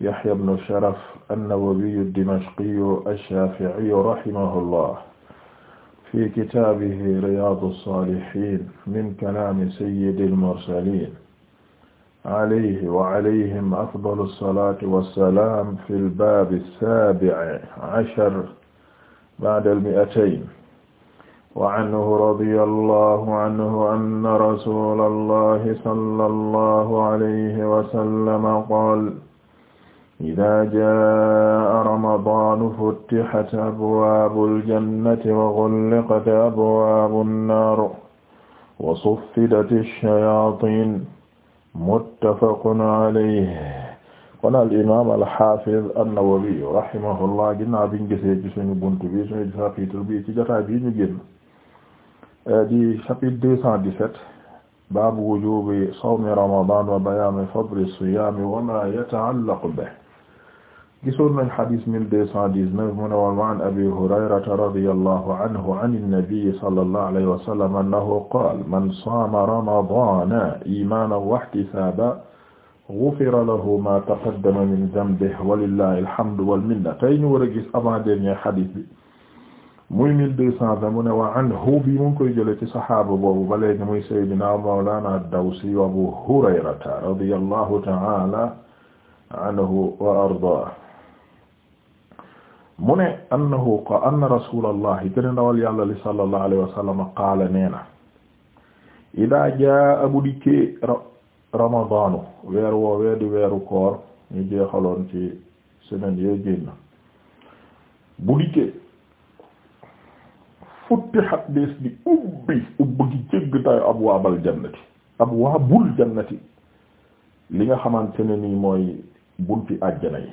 يحيى بن شرف النووي الدمشقي الشافعي رحمه الله في كتابه رياض الصالحين من كلام سيد المرسلين عليه وعليهم أفضل الصلاة والسلام في الباب السابع عشر بعد المئتين وعنه رضي الله عنه أن رسول الله صلى الله عليه وسلم قال idaa jaa'a ramadaanu futtixat abwaabu aljannati wa ghulliqat abwaabu nnaar wa suffidat ash-shayaatiin muttafaqun alayhi kon al imaam al haafiz an-Nawawi rahimahullah ginnaaw biñ gisee ci suñu buntu bi suñu chapitre bi ci jotaay bi ñu génn euh, di chapitre deux cent dix-sept baabu wujuubi sawmi ramadaan wa bayaani fadli as-siyaam wa maa yata'allaqu bihi gisoon nañ xadis mille deux cent dix-neuf mu ne woon wa an abi hurayrata radiyallahu anhu an an-nabi sallallahu alayhi wa sallam annahu qaala man saama ramadaana iimaanan wa ihtisaaban gufira lahu maa taqaddama min danbihi walillahi alhamdu wal minna tey ñu war a gis avant dernier xadis bi muy mille deux cent vingt mu ne wa anhu bi mu ngi koy jëlee ci saxaaba boobu ba léegi muy sayyidina mawlaana ad-Dawsi wa Abu Hurayrata radiyallahu ta'ala anhu wa ardaahu mu ne annahu qa anna rasulallahi te ne yàlla li sallallahu alayhi wa sallam qaala nee na idaa jaa abu dikkee ramadaanu weer woowee di weeru koor ñu jeexaloon ci semaine yee génn bu dikkee futtihat des di ubbi ubbi gi jëgg tayo abwaabal jannati abwaabul jannati li nga xamante ne nii mooy bunti àjjana yi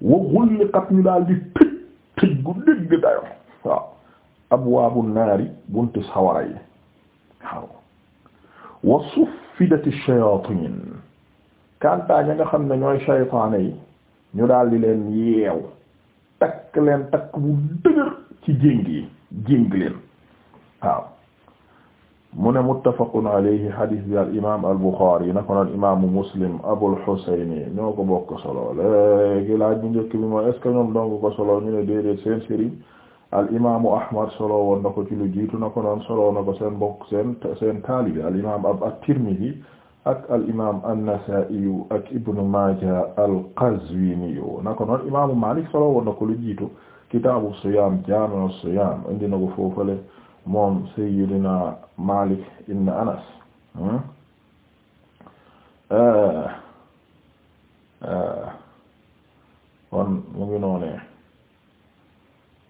wa ghulqat ñu daal di tëj tëj gu naari buntu sawara yi waaw wa suffidat ash-shayatin ña nga xam ne ñooy shaytaane yi ñu daldi leen yeew takk leen takk bu dëgër ci jéng yi jéng leen waaw mu ne muttafaqun alayhi hadis bi al imaam al buxaari na ko noon imaamu muslim abul xusayni ñoo ko bokk solo léegi laaj bu njëkk bi mooy est ce que ñoom dong ko solo ñu ne déedéet seen sëriñ al imaamu ahmad solo woon na ko ci lu jiitu na ko noon solo na ko seen bokk seen seen taalibi al imaam ab at-tirmidhi ak al imaam an-nasa'i ak ibnu maaja al qazwini na ko noon imaamu maalik solo woon na ko lu jiitu kitaabu siyaam jaami siyaam indi na ko foofale moom Seydina Malik ibn Anas hmm? eh, eh, kon mu ngi noonee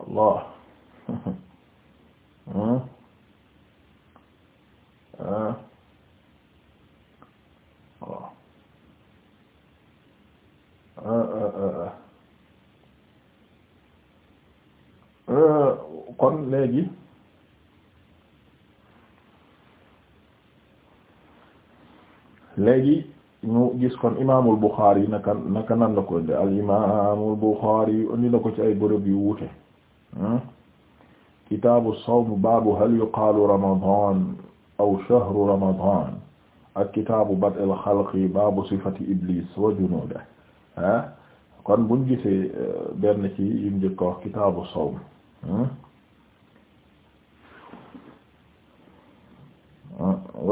Allah hmm? eh, kon léegi léegi ñu gis kon imaamul Bukhari naka naka nan la ko de al imaamul Bukhari na ko ci ay bërëb yu wuute hmm? kitaabu sawm baabu hal yuqaalu ramadan aw shahru ramadan ak kitaabu bad'il xalqi baabu sifati iblis wa junuudihi ah kon buñ gisee eh, benn ci yu njëkk wax kitaabu sawm hmm?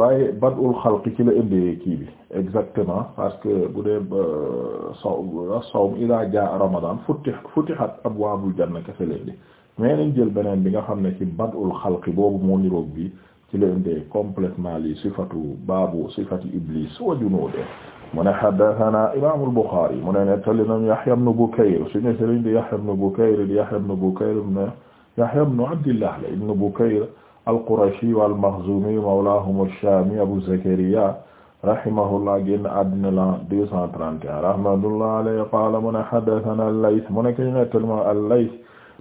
waaye badul xalqi ci la indi kii bi exactement parce que bu dee euh, saw euh, sawm ila jaa ramadan futih futihat abwaabul janna kese la indi mais nañ jël beneen bi nga xam ne ci badul xalqi boobu moo niroog bi ci la indi complètement li sifatu baabu sifati iblis wa junuudihi mu ne haddathana imaamul Bukhari mu ne nettali nam Yahya ibn Bukayr suñu sëriñ di Yahya ibn Bukayr di Yahya ibn Bukayr ibn Yahya ibn Abdillah ibn Bukayr al-Qurashi al-Makhzumi mawlaahum ash-Shaami Abu Zakariya rahimahullah génn àddina la 231 rahmatullahi alayhi qaala mu ne haddathanaa al-Layth mu ne ki ñu nettali ma al-Layth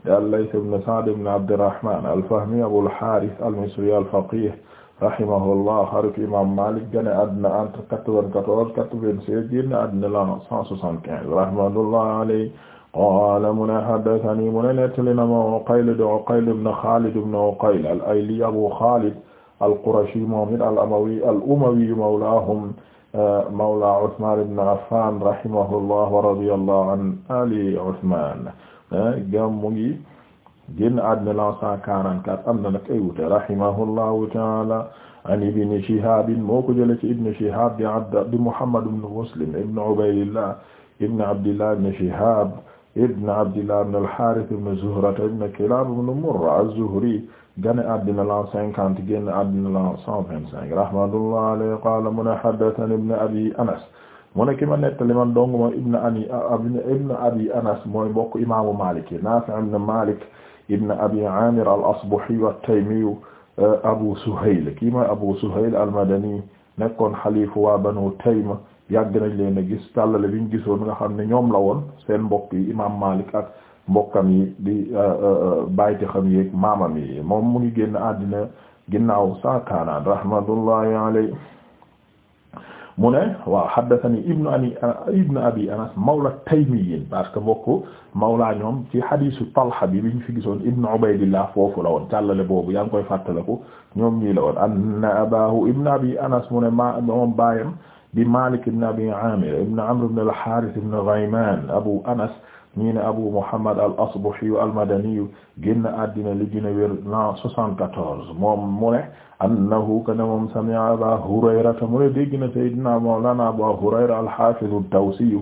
de al-Layth ibn Sa'd ibn Abdirrahmaan al-Fahmi Abu al-Haarith al-Misri al-Faqiih rahimahullah xaritu imaam Maalik génn àddina entre 94 96 génn àddina la 175 rahmatullahi alayhi qaala mu ne haddathanii mu ne nettali na ma Uqayl di Uqayl ibn Xaalid ibn Uqayl al-Ayli Abu Xaalid al-Qurashi moom it al-Amawi al-Umawi mawlaahum eh, mawlaa Usmaan ibn Affaan rahimahullah wa radiyallahu an ali Usmaan eh, gam mu ngi génn àddina la 144 am na nag ay wute rahimahullahu ta'aala an ibni Shihaab moo ko jëlee ci ibni Shihaab di Muhammad ibn Muslim ibn Ubaydillah ibn Abdillah ibn Shihaab ibn abdillah ibn al-Harith ibn Zuhra ibn Kilab ibn Murra az-Zuhri gane addina lan cinquante génn addina lan cent vingt-cinq rahmatullah alayhi qala mu ne haddathani ibn abi Anas mu ne ki ma nettali man dong moom ibn ani ibn abi Anas mooy mbokk imaamu Malik Nafi' ibn Malik ibn abi Amir al-Asbahi at-Taymi Abu Suhayl kii mooy Abu Suhayl al-Madani nekkoon xalifu waa Banu Taym yàgg nañ leen a gis tàllale bi ñu gisoon nga xam ne ñoom la woon seen mbokk yi imaam Malik ak mbokkam yi di euh, euh, euh, bayti xam yi ak maamam yi moom mu ngi génn àddina ginnaaw saakanaan rahmatullahi alayhi mu ne waaw haddathani ibnu ani ibnu abi anas mawla taymiyin parce que mbokk mawla ñoom ci hadisu talha bi bi ñu fi gisoon ibnu ubaydillah foofu la woon tàllale boobu yaa ngi koy fàttaliku ñoom ñii la woon anna abahu ibnu abi anas mu ne ma moom baayam di Malik ibn Abi Amir ibn Amr ibn al-Harith ibn Ghayman Abu Anas ñi ne Abu Muhammad al-Asbahi al-Madani génn àddina li gën a wér l'an 74 moom mu ne annahu kana moom sami'a Aba Hurayra mu ne dégg na sayyidina mawlana Abu Hurayra al-Hafiz ad-Dawsi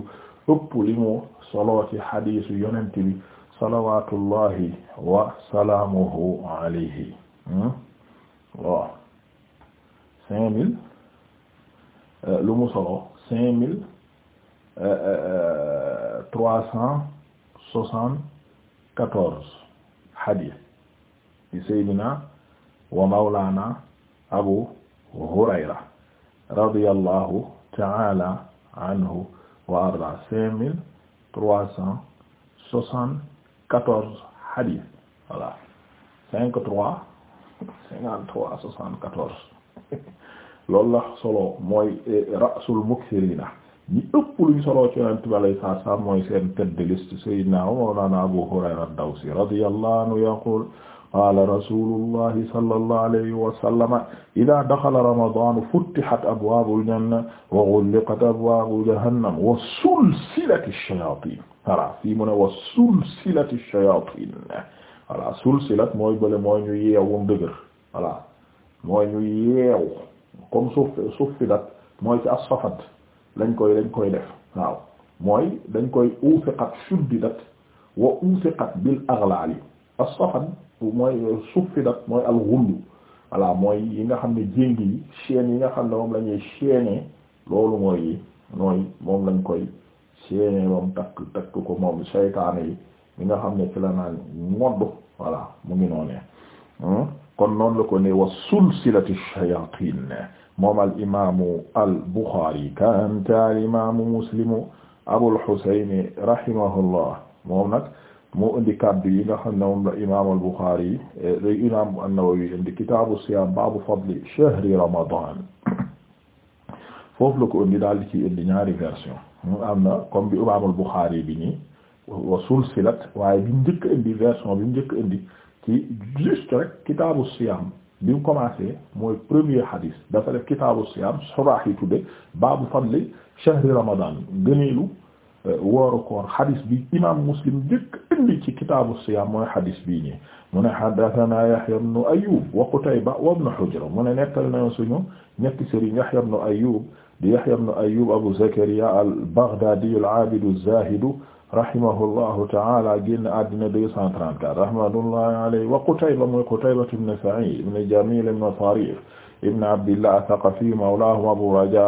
ëpp li mu solo ci hadiisu Yonent bi salawaatullahi wa salaamuhu alayhi hmm? waaw 5000 Euh, lu mu solo cinq mille euh, euh, trois cent soixante quatorze hadith ci Seydina wa Mawlana Abu Hurayra radiyallahu ta'ala anhu wa arda cinq mille trois cent soixante quatorze hadith voilà cinq trois cinquante trois soixante quatorze loolu la solo mooy e, rasul muksirina ñi ëpp luñ solo ci yonent bi alayhi salaatu salaam mooy seen tête de liste sayyidina mawlana Abu Hurayra ad-Dawsi radiyallahu anhu yaqul qaala rasulullahi sallallahu alayhi wa sallama idaa daxala ramadaan futtihat abwaabul janna wa ghulliqat abwaabu jahannam wa sulsilati ash-shayaatiin voilà fii mu ne wa sulsilati ash-shayaatiin voilà sulsilat mooy bële mooy ñu yeewu dëgër voilà mooy ñu yeewu comme suuf suuf fi mooy ci asfafat lañ koy lañ koy def waaw mooy dañ koy ufiqat shuddidat wa ufiqat bil aghlali asfafat mooy suffidat mooy al ghullu mooy yi nga xam ne jéngi yi chaîne yi nga xam ne moom lañuy ñuy loolu mooy yi mooy moom lañ koy chaîner moom takk takk ko moom seytaane yi mi nga xam ne ci modd voilà mu ngi noonee hmm? kon noonu la ko ne wa sulsilati shayatin moom al imaamu al Bukhari kanta al imaamu muslimu Abul Husayn rahimahullah moom nag moo indi kaddu yi nga xam ne moom la imaamu al Bukhari day eh, imaam an-Nawawi indi kitaabu siyaam baabu fadli shahri Ramadan foofu la ko indi daal ci indi ñaari version mu am na comme bi imaamul Bukhari bi nii wa sulsilat waaye bi njëkk indi version bi njëkk indi. ci juste rek kitaabu siyaam bi mu commencé mooy premier hadith dafa def kitaabu siyaam surah yi tudde baabu fadli shahri ramadan gëneelu euh, wooru koor hadith bi imam muslim jëkk indi ci kitaabu siyaam mooy hadith bii nii mu ne haddathana yahya ibn ayyub wa qutayba wa ibn hujra mu ne nettal nañu suñu ñetti sëriñ yahya ibn ayyub di yahya ibn ayyub abu zakariya al baghdadi al abid az-zahid rahimahullahu ta'ala génn àddina 234 rahmatullahi alayhi wa Qutayba mooy Qutayba ibn Sa'id ibn Jamil ibn Tarif ibn Abdillah ath-Thaqafi mawlahu Abu Raja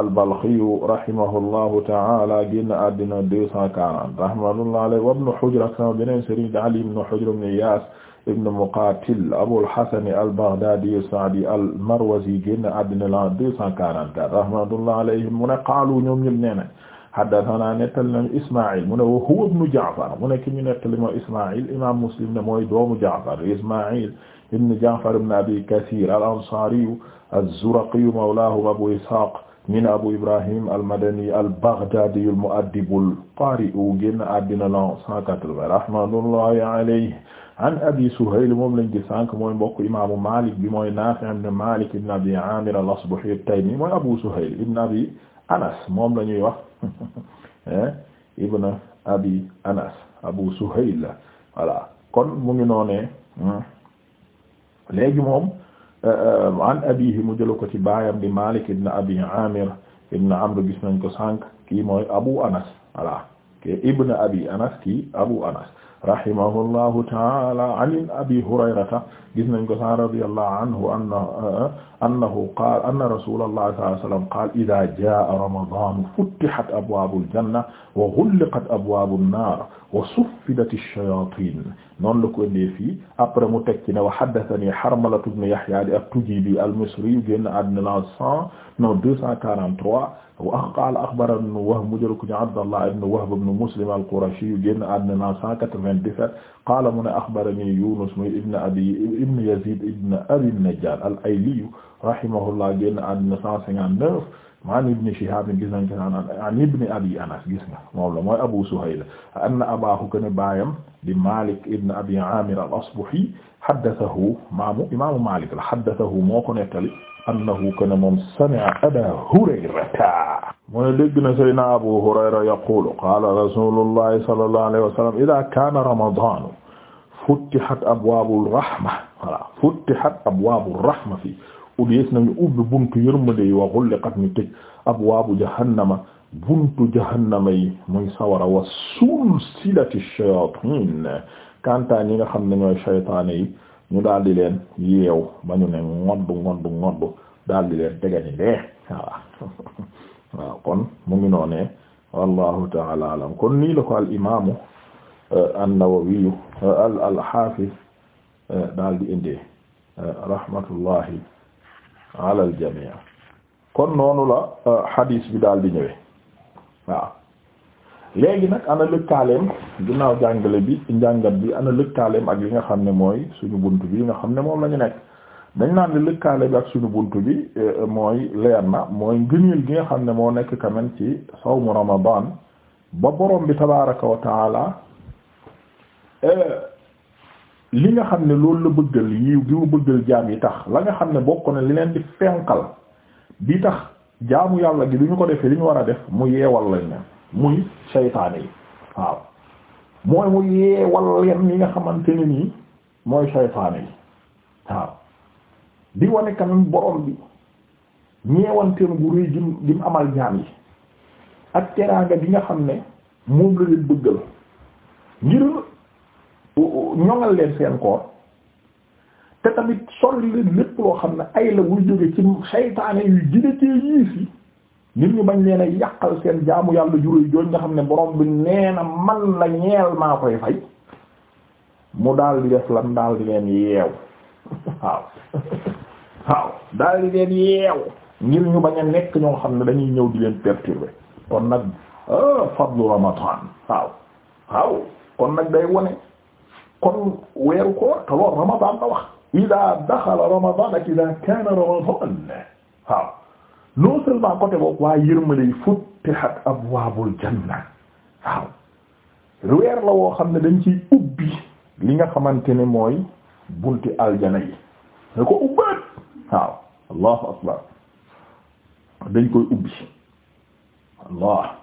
al-Balkhi rahimahullahu ta'ala génn àddina 240 rahmatullahi alayhi wa Ibn Hujr ak sama beneen sëriñ Ali ibn Hujr ibn Iyas ibn Muqatil Abul Hasan al-Baghdadi as-Sa'di al-Marwazi génn àddina 244 rahmatullahi alayhi mu ne qaalu ñoom ñëpp nee na haddathana nettali nañu Isma'il mu ne wa huwa ibnu Ja'far mu ne ki ñu nettali mooy Isma'il imaam Muslim ne mooy doomu Ja'far Isma'il ibnu Ja'far ibnu Abi Kathir al-Ansari az-Zuraqi mawlaahum Abu Ishaq min Abu Ibrahim al-Madani al-Baghdadi al-mu'addib al-qari' génn àddina lan 180 rahmatullahi alayhi an Abi Suhayl moom lañ gis sànq mooy mbokk imaamu Malik bi mooy Nafi' ibn Malik ibn Abi Amir al-Asbahi at-Taymi mooy Abu Suhayl ibn Abi Anas moom la ñuy wax. Eh? ibn abi anas abu suhayl voilà kon mu ngi noonee hmm. léegi moom eh, eh, an abihi mu jëla ko ci baayam di malik ibn abi amir ibn amr gis nañ ko sànq kii mooy abu anas voilà ke ibn abi anas ki abu anas rahimahullahu taala an abi hurayrata gis nañ ko sa radiyallahu anhu anna annahu qaala anna rasulallahi sallallahu alayhi wa sallam qaala idaa jaa'a ramadaanu futtihat abwaabul janna wa ghulliqat abwaabun naar wa suffidat ash-shayaatiin noonu la ko indee fii après mu teg ci ne wa haddathanii Harmalatu ibn Yahyaa at-Tujiibi al-Misri génn àddina la cent non deux cent quarante-trois wa qaala axbarana ibnu Wahb mu jël ko ci Abdallah ibnu Wahb ibnu Muslim al-Qurashi génn àddina 197 qaala mu ne axbarani Yunus muy ibnu Abi ibnu Yazid ibnu Abi Najjar al-Ayli rahimahullah génn àddina 159 an ibni Shihab gis nañ ko naan an ibni Abi Anas gis nga moom la mooy Abu Suhayl anna abaahu kaana baayam di Malik ibn Abi Amir al-Asbahi haddathahu maamu imaamu Malik la haddathahu moo ko nettali annahu kaana moom sami'a Aba Hurayrata mu ne dégg na Seydina Abu Hurayra yaqulu qaala Rasuulullahi sallallahu alayhi wa sallam idhaa kaana Ramadaan futtihat abwaabur rahma voilà futtihat abwaabur rahma fii dees nañu ubbi buntu yërmande yi wa ghulqat ñu tëj abwaabu jahannama buntu jahannama yi muy sawara wa sulsilati shayatin kantaa ñi nga xam ne ñooy yi ñu daal di leen yeew ba ñu ne ngoddu ngoddu ngoddu daal di leen tegani dee waaw kon mu ngi noonee wallahu taala alam kon nii la ko al imaamu euh, an-Nawawi euh, al al hafiz euh, daal indee rahmatullahi ala al jamii kon noonu la euh, hadis bi daal di ñëwee waaw léegi nag ana lëkkaaleem ginnaaw jàngale bi njàngat bi ana lëkkaaleem ak yi nga xam ne mooy suñu bunt bi nga xam ne moom la nekk dañ naan ne lëkkaale bi ak suñu bunt bi euh, mooy leer na mooy ngëneel gi nga xam ne moo nekk quand même ci sawmu ramadan ba borom bi tabaraka wa euh, li nga xam ne loolu la bëggal yiw gi mu bëggal jaam yi tax la nga xam ne bokk na li leen di fenkal bi tax jaamu yàlla gi du ñu ko defee li ñu war a def mu yeewal lañ ne muy saytaane yi waaw mooy mu yeewal leen yi nga xamante ne nii mooy saytaane yi waaw di wane kanam borom bi ñeewanteem gu rëy gi mu amal jaam yi ak teraanga bi nga xam ne moom la leen bëggal ngir ñoŋal leen seen koor te tamit solli leen lépp loo xam ne ay la wuy jóge ci saytaane yu gine yiis yi nit ñu bañ leen a yàqal seen jaamu yàlla juróoy jooñ nga xam ne borom bi nee na man la ñeel maa koy fay mu daal di def lan daal di leen yeew waaw waaw daal di leen yeew ngir ñu bañ a nekk ñoo xam ne dañuy ñëw di leen perturber kon nag ah, fadlu ramadan waaw waaw kon nag day wone kon weeru koor te loolu ramadan la wax ida daxala ramadan ak ida kaana ramadan waaw non seulement côté boobu waa yërmalay futtihat abwaabul janna waaw weer la woo xam ne dañ ci ubbi li nga xamante ni mooy bunti aljana yi da ko ubbaat waaw allahu akbar dañ koy ubbi allah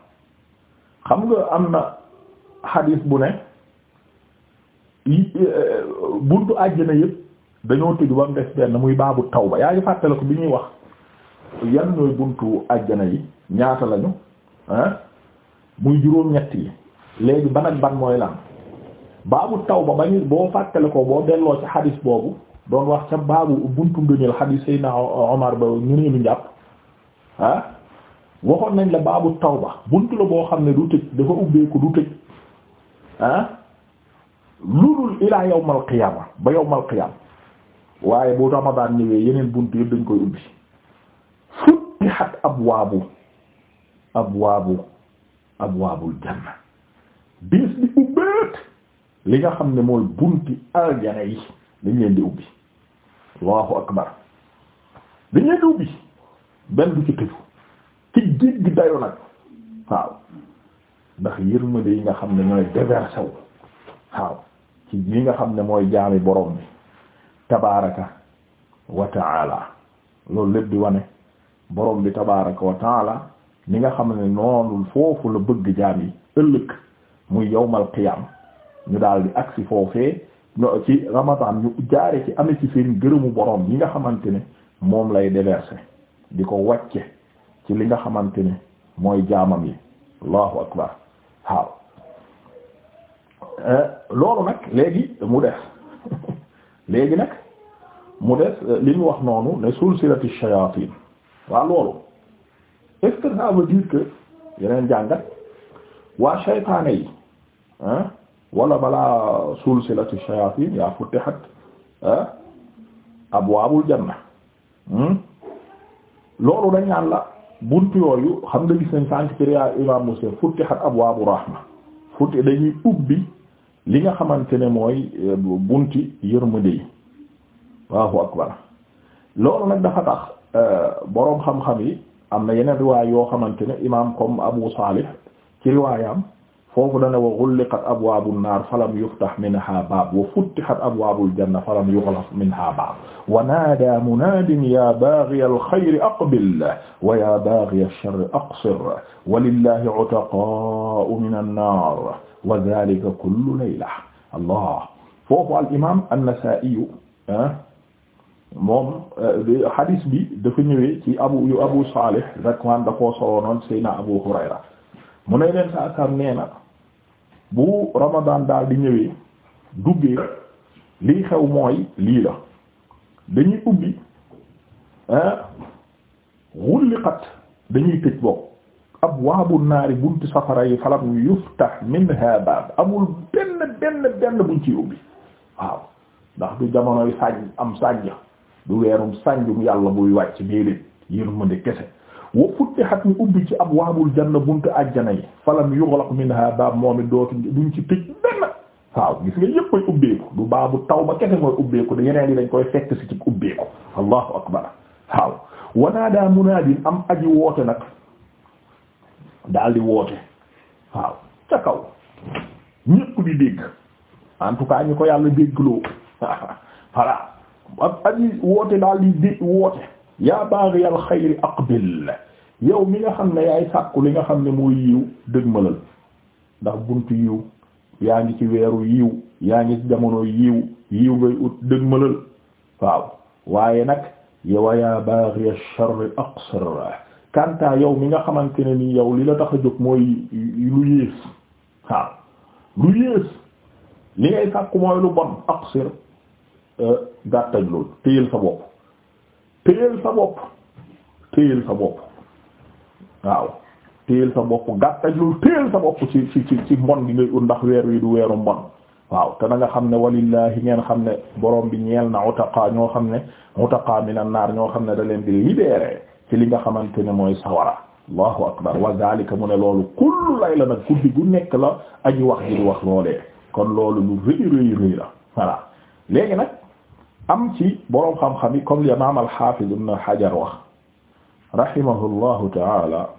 xam nga am na xadiis bu ne Euh, buntu àjjana yëpp dañoo tëj ba mu des benn muy baabu taw ba ngi fàttale ko bi ñuy wax yan ñooy buntu àjjana yi ñaata lañu muy juróom-ñett yi léegi ban ban mooy lan baabu taw ba ñu boo fàttale ko boo delloo ci xadis boobu doon wax ca baabu buntu ngëneel xadis Seydina Omar ba ñu ne lu njàpp waxoon nañ la baabu tawba buntu la boo xam ne du tëj dafa ubbeeku du tëj lulul ilaa yawmal qiyaama ba yawmal qiyaama waaye bu ramadaan ñëwee yeneen bunt yëpp dañ koy ubbi futtihat abwaabu abwaabu abwaabul janna bis di ubbeet li nga xam ne mooy bunti aljana yi dañ leen di ubbi allahu akbar dañ leen di ubbi benn du ci tëju ci jégg dayo nag waaw ndax yërmande yi nga xam ne ñooy déverser waaw ci yi nga xam ne mooy jaami boroom bi tabaraka wa taala loolu lépp di wane boroom bi tabaraka wa taala ni nga xam ne noonu foofu la bëgg jaam yi ëllëg muy yawmal qiyam ñu daal di agsi foofee no ci ramadan ñu jaare ci ame ci seen gërëmu borom yi nga xamante ne moom lay déverser di ko wacce ci li nga xamante ne mooy jaamam yi allahu akbar waaw Euh, loolu nag léegi mu des léegi nag mu des euh, li ñu wax noonu ne sulsilati shayatin waa loolu est-ce que ça veut dire que yeneen jàngat waa shaytaane yi ah wala balaa sulsilati shayatin yaa futihat abwaabul janna hmm? loolu dañ naan la buntu yooyu xam nga gis nañ sànq ci riyaa imam Muslim futihat abwaabu rahma futti dañuy ubbi li nga xamante ne mooy euh, bunti yërmande yi Allahu akbar loolu nag dafa tax euh, boroom xam-xam yi am na yeneen riwaay yoo xamante ne imaam comme Abu Salih ci riwaayam foofu dana wa ghulliqat abwaabu naar falam yuftah minha baab wa futtihat abwaabul janna falam yughlaq minha baab wa naada munaadin ya baaghiya alxayri aqbil wa ya baaghiya alsharri aqsir wa lillahi utaqaa'u min annaar wa dhalika kullu layla allah foofu al imam an-Nasa'i ah, moom euh, hadis bi dafa ñëwee ci abu yu abu Salih Zakwan da koo solonoon Seyna Abu Hurayra mu ne leen saa saam nee na bu Ramadan daal di ñëwee duggee lii xew mooy lii la dañuy ubbi ah wulliqat dañuy tëj bopp abwaabu naari bunti safara yi falam yuftah minha baab amul benn benn buñ ci ubbi waaw ndax du jamonoy sànj am sànj du weerum sànjum yàlla buy wàcc déedéet yërmande kese wa futtihat ñu ubbi ci abwaabul janna buntu àjjana yi falam yughlaq minha baab moom it dootu duñ ci tëj benn waaw gis nga yépp koy ubbeeku du baabu tawba kese mooy ubbeeku da yeneen yi dañ koy fekk si ci ubbeeku allahu akbar waaw wanaada munaadin am aji woote nag daal di woote waaw ca kaw ñépp di dégg en ñu ko yàlla déggloo voilà ab aji woote daal di dé woote yaa baaxi al xayri yow mi nga xam ne yaay sàkku li nga xam ne mooy yiw dëgmalal ndax buntu yiw yaa ngi ci weeru yiw yaa ngi ci jamono yiw yiw ngay ut dëgmalal waaw waaye nag yow yaa baaxi al sharri aqsir kanta yow mi nga xamante ne ni yow li la tax a jóg mooy lu yées waaw lu yées li ngay sàkku mooy lu bon aqsir euh, gàttaj loolu sa bopp téyel sa bopp téyel sa sa bopp ci ci mbon gi ngay ut ndax weer wi du weeru mbon waaw te na nga xam ne walillahi ngeen xam ne borom bi ñeel na utaqaa ñoo xam ne utaqaa na naar ñoo xam ne da leen di ci li nga xamante ne mooy sawara allahu akbar wa zalika mu ne loolu kullu layla nag guddi gu nekk la aji wax ji di wax loolee kon loolu lu rëy la voilà léegi nag am ci boroom xam-xam yi comme li imam al-Hafiz ibn Hajar wax rahimahullahu taala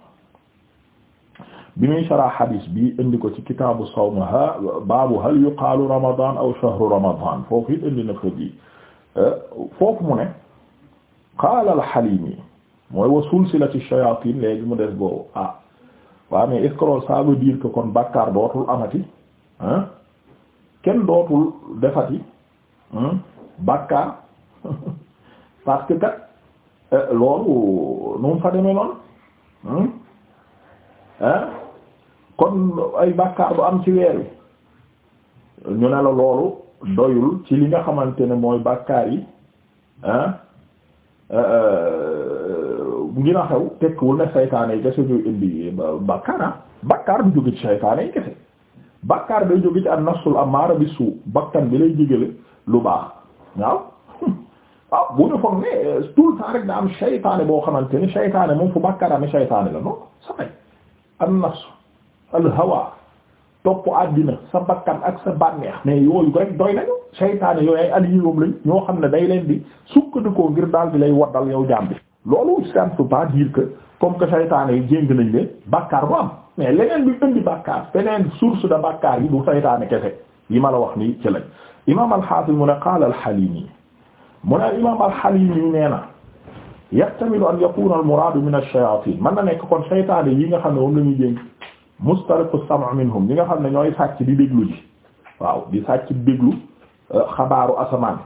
bi muy sara hadis bi indi ko ci kitaabu sawm ha baabu hal yuqaalu ramadan aw shahru ramadan foofu it indi na fa bi eh, mu ne qaala al-Halimi mooy wa sulsilati shayatin léegi mu des boobu ah waaw mais est-ce que loolu ça veut dire que kon bàkkaar dootul amati ah kenn dootul defati bàkkaar parce que kat euh, loolu nu mu fa demee noonu ah kon ay bàkkaar du am ci weer wi ñu ne la loolu doyul ci li nga xamante ne mooy bàkkaar yi ah gën a xew tekkiwul ne saytaane yi kese ñuy indi bàkkaar ah bàkkaar du jóge ci saytaane yi kese bàkkaar day jóge ci an nafsul amaara bi suu bakkan bi lay jégale lu baax waaw bu ñu foog ne euh, tout le temps am saytaane boo xamante ni saytaane moom fu bàkkaar amee saytaane la non samay an nafsu al hawa topp àddina sa bakkan ak sa bànneex mais yooyu ko rek doy nañu saytaane yooyu ay alliés lañ ñoo xam ne day leen di sukkandikoo ngir daal di lay waddal yow jaam loolu ça ne peut pas dire que comme que saytaane yi jéng nañ leen bàkkaar bu am mais leneen bi beneen source de bàkkaar yi du saytaane kese yi ma la wax nii ci lañ imam al-Hafiz mu ne qaala al-Halimi mu ne imam al-Halimi nee na yahtamilu an yakuna al-muraadu min ash-shayaatin man na nekk kon saytaane yi nga xam ne moom la ñuy jéng mustariqu as-sam'u minhum ñi nga xam ne ñooy sàcc di déglu ji waaw di sàcc di déglu euh, xabaaru asamaan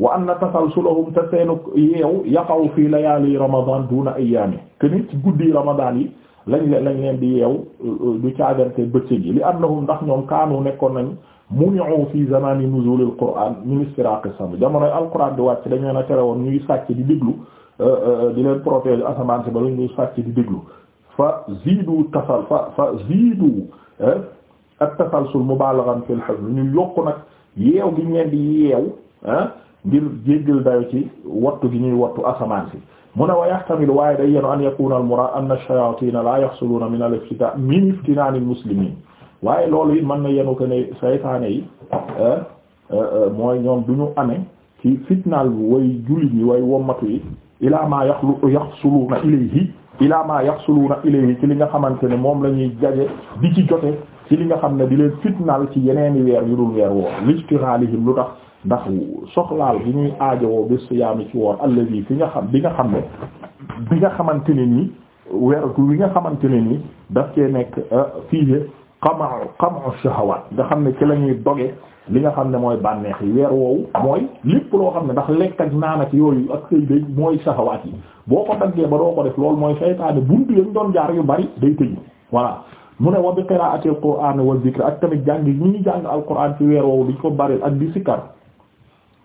wa anna tasalsulahum te seenu yeew yaqaw fii layaali ramadan duna ayaami keni ci guddi ramadan yi lañ leen lañ leen di yeew euh, du caagante bëccëg yi li annahum ndax ñoom kaanu nekkoon nañ muni'u fi zamani nuzul alquran min istiraq as-sam jamonoy alquran di wàcc dañu na tere woon ñuy sàcc di déglu euh, euh, di leen protéger asamaan si ba lu ñuy sàcc di déglu fa ziidu tasal fa fa ziidu at tasalsul mubalaghan ñu yokku nag yeew gi ñu leen di yeew ngir jéggal dayo ci wattu gi ñuy wattu asamaan si mu ne wa yaxtamilu waaye day yenu an yakuna al muraad anna shayaatiina laa yaxsuluuna min al iftitaa min iftinaan al muslimiin waaye loolu it mën na yenu ko ne saytaane yi euh, euh, euh, mooy ñoom du ñu amee ci fitnaal bi way jullit yi way wommatu yi ilaa maa yaxlu yaxsuluuna ilayhi ilaa maa yaxsuluuna ilayhi ci li nga xamante ne moom la ñuy jaje di ci jote ci li nga xam ne di leen fitnaal ci yeneeni weer yu dul weer woo listiraalihim lu tax ndax soxlaal bi ñuy aajowoo bés siyaami ci woor alladi fi nga xam bi nga xam ne bi nga xamante ne nii weeratu wi nga xamante ne nii daf cee nekk ah, fii xamaa xamaa shahawaat nga xam ne ci la ñuy doge li nga xam ne mooy bànneex yi weer woowu mooy lépp loo xam ne ndax lekk ak naan ak yooyu ak sëy day mooy shahawaat yi boo ko daggee ba doo ko def loolu mooy saytaane buntu yañ doon jaar yu bari day tëju voilà mu ne wa bi qira'ati al-qur'an wa dhikr ak tamit jàng yi ñu jàng al-qur'an ci weer woowu ko bari ak di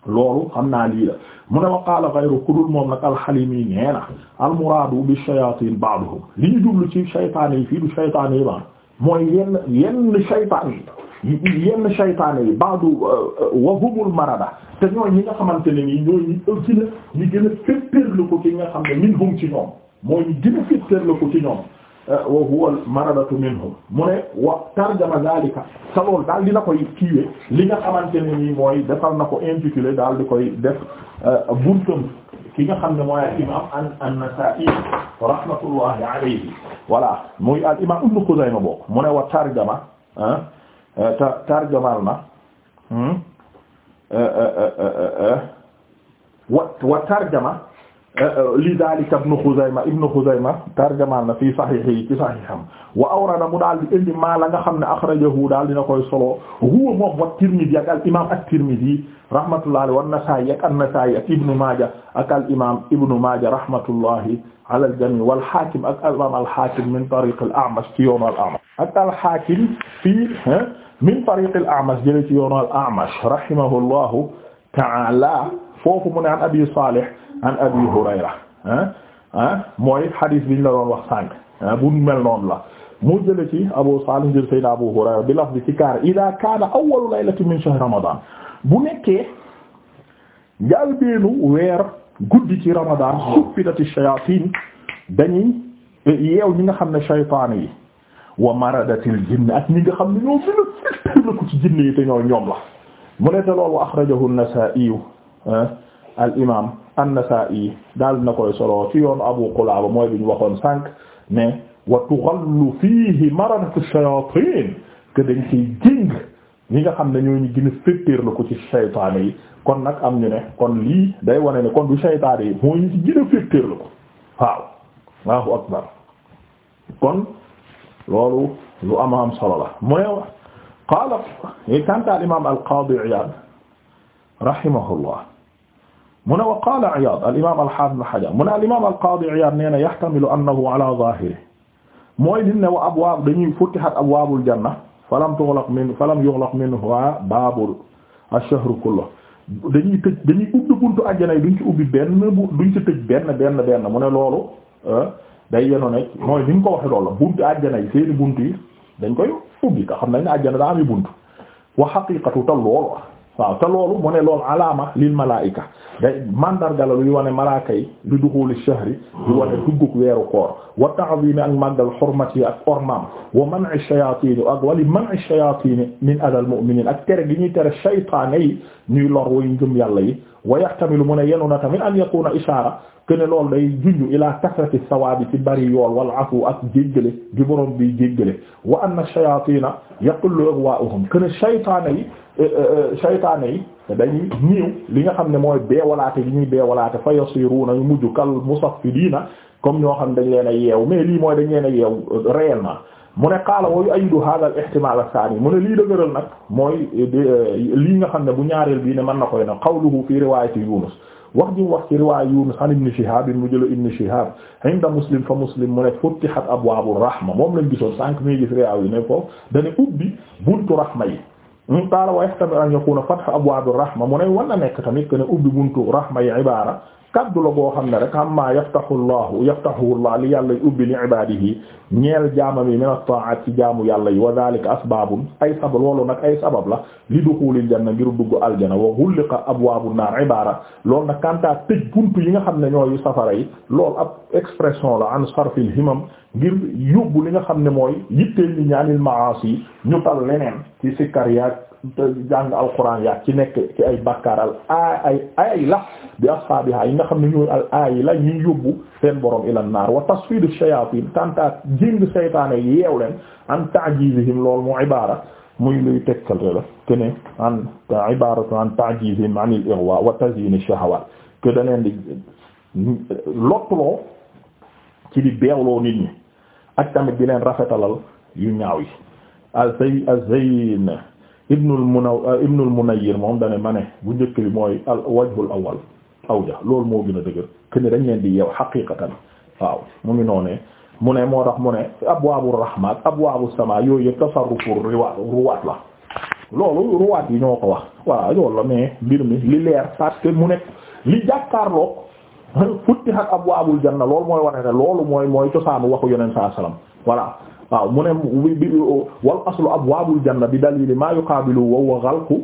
loolu xam naa lii la mu ne wa qaala ghayru kudul moom nag alxalimi nee na almuraadu bi shayatin ba'duhum li ñu jublu ci shaytaan yi fii du shaytaan yi ba mooy yenn yenn shaytaan yi yenn shaytaan yi ba'du wa humul marada te ñooy ñi nga xamante ne nii ñooy ñu gën a ñu gën a féppéerlu ko ci nga xam ne min hum ci ñoom mooy ñu gën a féppéerlu ko ci ñoom Euh, wa huwa maradatu minhum mu ne wa tarjama zalika sa lool koy kiiwe li nga xamante ne nii mooy defal na ko intitulé daal di koy def euh, buntam ki nga xam ne mooy al imam an an-Nasa'i alayhi voilà muy al imam Ibn Khuzaymah bokk mu ne wa tarjama euh, ta tarjamal na hmm, wa tarjama li daalika ibnu Xuzayma ibnu Xuzayma tarjamal na fii saxiixi ci saxiixam wa awrada mu daal di indi maa la nga xam ne axrajahu daal dina koy solo huwa moom wa Tirmidi ak al imaam ak Tirmidi rahmatullahi alayhi wa Nasaa'i ak an-Nasaa'i ak Ibnu Maaja ak al imaam Ibnu Maaja rahmatullahi ala al-jamii' wal Haakim ak al imaam al Haakim min tariiq al A'mash ci yoonu al A'mash ak al Haakim fii min tariiq al A'mash jëlee ci yoonu al A'mash rahimahullahu ta'aala foofu mu ne an Abi Saalih an abi hurayra ah ah mooy xadiis biñ la doon wax sànq bu mel noonu la mu jële ci abu salih jël sayna abu hurayra bi laf bi ci kaar ida kaana awwalu laylati min shahr ramadan bu nekkee njaal beenu weer guddi ci ramadan suffidati shayatin dañuy yeew ñi nga xam ne shaytaan yi wa maradatil jinn ak ñi nga xam ne ñoo gën a ko ci jinn yi te ñoo ñoom la mu ne te loolu wa axrajahu an-nasa'i al imaam an daal na solo ci yoonu Abu Qulaaba mooy bi ñu waxoon sànq ne wa tughallu fiihi maradatu shayaatiin que dañ ciy jing ñi nga xam ne ñooñu gën a féttéer la ko ci saytaane yi kon nag am ñu ne kon lii day wane ne kon du saytaane yi moo ñu ci gën a féttéer la ko waaw Allahu kon loolu lu ama am solo la mu ne qaala kanta al imaam al qaadi Iyaad rahimahullah mu ne wa qaala Iyaad al-imaam al-haafiz al-Hajar mu ne al-imaam al-qaadi Iyaad nee na yahtamilu annahu ala zaahiri mooy lim ne wa abwaab dañuy futihat abwaabul janna falam tughlaq min falam yughlaq minhaa baabul ash-shahru kulluhu dañuy tëj dañuy ubbi buntu àjjana yi duñ ci ubbi benn bu duñ ci tëj benn benn benn mu ne loolu euh, day yeno ne mooy ni mu ko waxee loolu buntu àjjana yi seeni buntu yi dañ koy ubbi te xam nañ ne àjjana daa am buntu wa haqiiqatu te loolu waaw te loolu mu ne loolu alaama lil malaayika day mandarga la luy wane malaaka yi lu duxuli shahri lu wane duggug weeru koor wa ta'zimi ak màggal xormat yi ak ormaam wa man'i shayatin ak wali man'i shayatin min adal mu'minin ak tere gi ñuy tere shaytaane yi ñuy lor way ngëm yàlla yi wa yahtamilu mu ne yenu na tamit an yakuna ishaara que ne loolu day junj ila kasrati sawaabi ci bari yool wal afu ak jéggale di borom bi jéggale wa anna shayatina yaqullu aghwaahum que ne shaytaane yi euh, euh, euh, shaytaane yi dañuy niiw li nga xam ne mooy beewalaate li ñuy beewalaate fa yasiruuna yu mujj kal musaffidiina comme ñoo xam dañ leen a yeew mais lii mooy dañ leen a yeew réellement mu ne qaala wa yu'ayyidu hadha al-ihtimal ath-thani mu ne lii dëgëral nag mooy lii nga xam ne bu ñaareel bii ne mën na koy nag qawluhu fi riwayati Yunus wax ji wax ci riwaaya Yunus an ibn Shihab mu jëla ibn Shihab inda Muslim fa Muslim mu ne futtihat abwaabur rahma moom lañ gisoon sànq muy gis riwaaya yi ne foofu dane ubbi buntu rahma yi ñu qaala wa yahtamil an yakuna fathu abwaab ar-rahma mu ne war na nekk tamit que ne ubbi buntu rahma yi ibaara kaddu la boo xam ne rek amma yaftahu llahu yaftahu llah li yàlla ubbi li ibaadihi ñeel jaamam yi min at-ta'aat ci jaamu yàlla yi wa dhaalika asbaabun ay sabab loolu nag ay sabab la li duxuulil janna ngir dugg aljana wa ghulliqa abwaabu naar ibaara loolu nag kantaa tëj buntu yi nga xam ne ñooyu safara yi loolu ab expression la an sarfil himam ngir yóbbu li nga xam ne mooy yitteel ñi ñaanil ci sikkar yaag jàng alquran yaag ci nekk ci ay bakkaar al ay ay la bi ashaabiha yi nga xam ne ñooy al ay la ñuy yóbbu seen borom ila naar wa tasfidu shayatin kantaat jéng yi yeew leen an ta'jizihim lool mu ibaara muy luy tegtalte la te ne an ibaratu an ta'jizihim ta al ighwa wa tazyin al shahawat que da leen di lottuloo ci di beewloo nit ñi ak tamit di leen rafetalal yu ñaaw yi azay azayn ibnul munaw euh, ibnul munayyir moom dane ma ne bu njëkk bi mooy al wajhul awal awja loolu moo gën a dëgër këni dañ leen di yew xaqiqatan waaw mu ngi noonee mu ne moo tax mu ne abwaabu rahmat abwaabu sama yooyu yëpp tasarrufu ruwaat ruwaat la loolu ruwaat yi ñoo ko wax voilà loolu la mais mbir mi li leer parce que mu nekk li jàkkaarloog futtihat abwaabul janna loolu mooy wane ne loolu mooy mooy cosaanu waxu yeneen saa salaam voilà waaw mu ne bi wal aslu abwaabul janna bi dalili maa yuqaabilu wa huwa ghalqu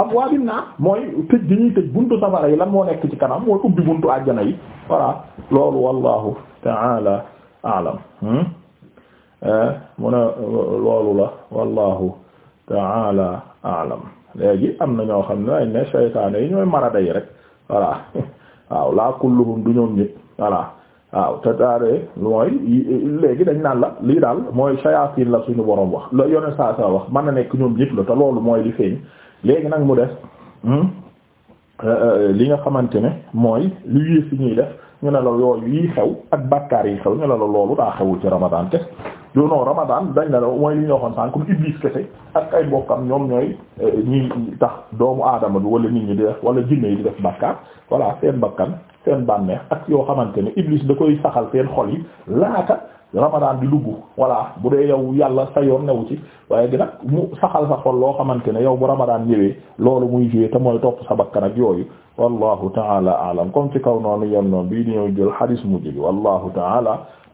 abwaabin naar mooy tëj gi ñuy buntu safara yi lan moo nekk ci kanam mooy ubbi buntu àjjana yi voilà loolu wallahu ta'ala a'lam hmm? eh, mu ne loolu la wallahu ta'ala a'lam léegi am na ñoo xam ne ay ne seytaane yi ñooy marada yi rek voilà waaw laa kulluhum du ñoom ñëpp voilà waaw te daare mooy léegi dañ naan la lii daal mooy sayaatin la suñu borom wax la yone saa saa wax mën na nekk ñoom yëpp la te loolu mooy li feeñ léegi nag mu def hmm? euh, euh, li nga xamante ne mooy lu yées yi ñuy def ñu ne la yooyu yi xew ak bàkkaar yi xew ñu ne la loolu daa xewul ci Ramadan te non Ramadan dañ la mooy li ñu waxoon sànq comme iblis kese ak ay bokkam ñoom ñooy eh, ñi tax doomu aadama bi wala nit ñi di def wala jinne yi di def bàkkaar voilà seen bakkan seen bànneex ak yoo xamante ne iblis da koy saxal seen xol yi laata Ramadan di dugg voilà bu dee yow yàlla sa yoon newu ci waaye gi nag mu saxal sa xol loo xamante ne yow bu Ramadan ñëwee loolu muy joué te mooy topp sa bakkan ak yooyu wallahu taala alam comme ci kaw noonu yem noonu bii di ñëw jël hadis mujj bi wallahu taala